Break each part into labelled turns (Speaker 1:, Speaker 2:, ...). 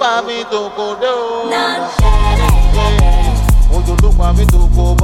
Speaker 1: pa mi toko de o. Ojo ló pa mi toko.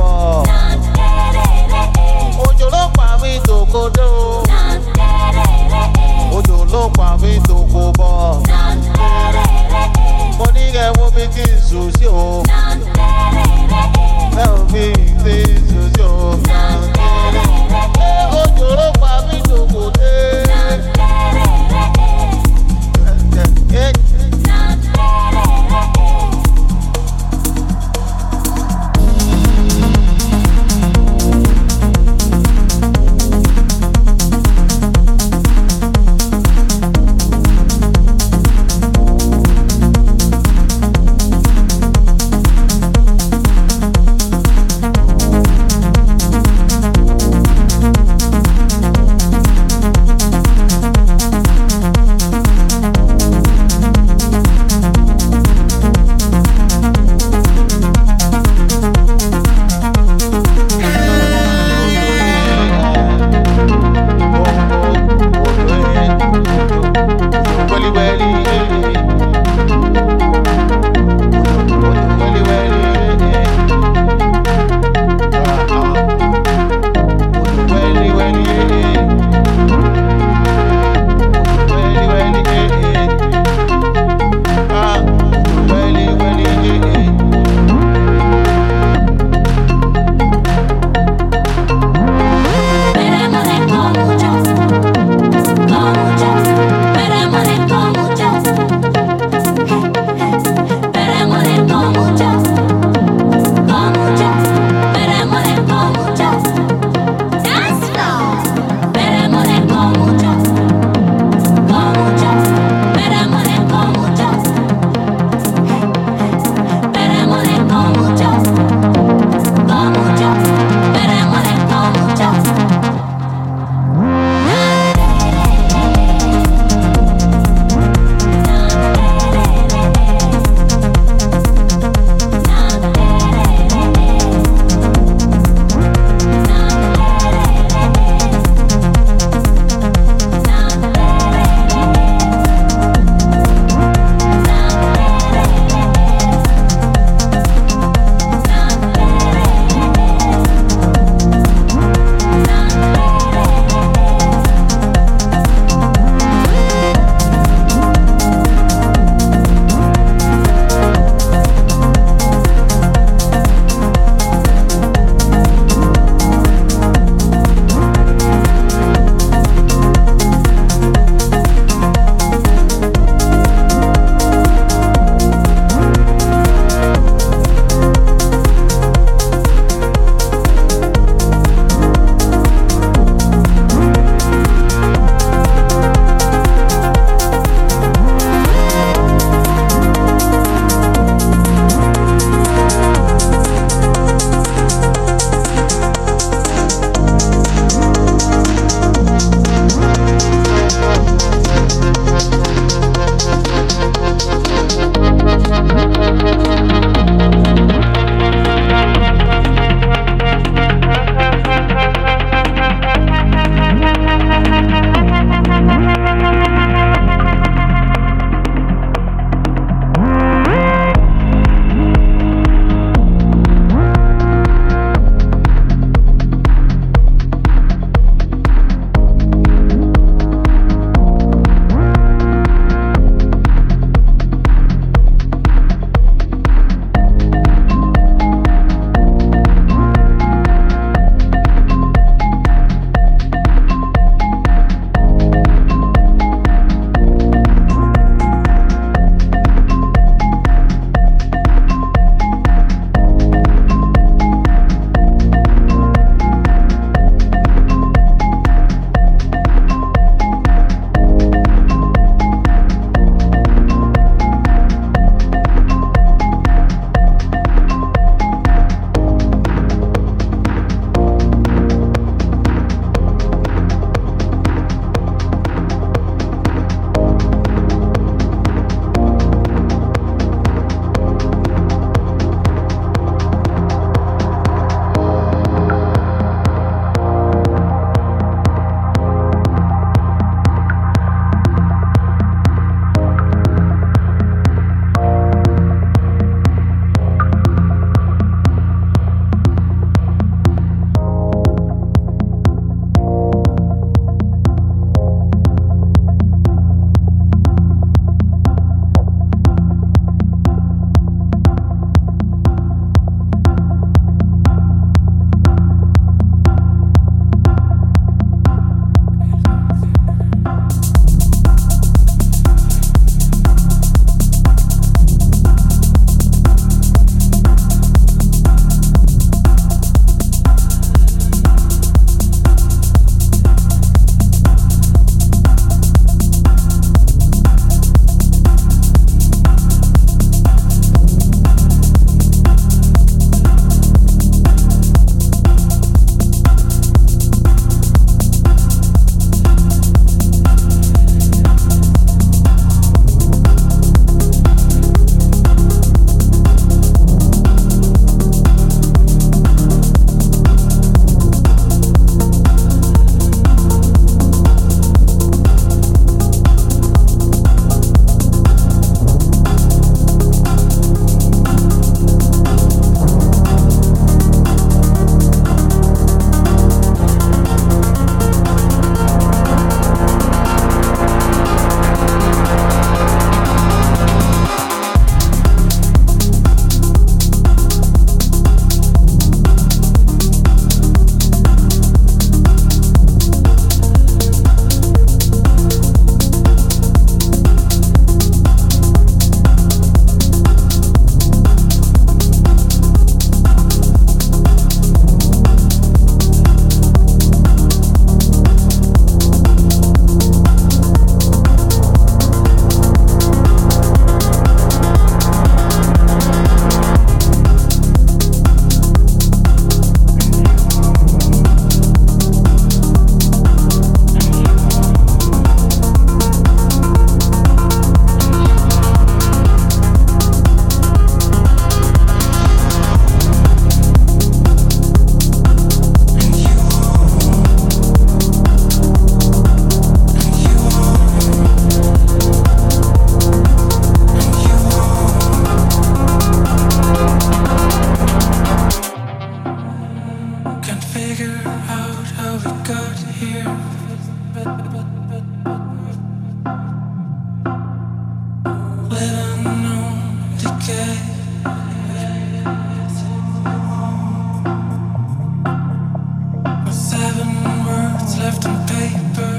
Speaker 1: paper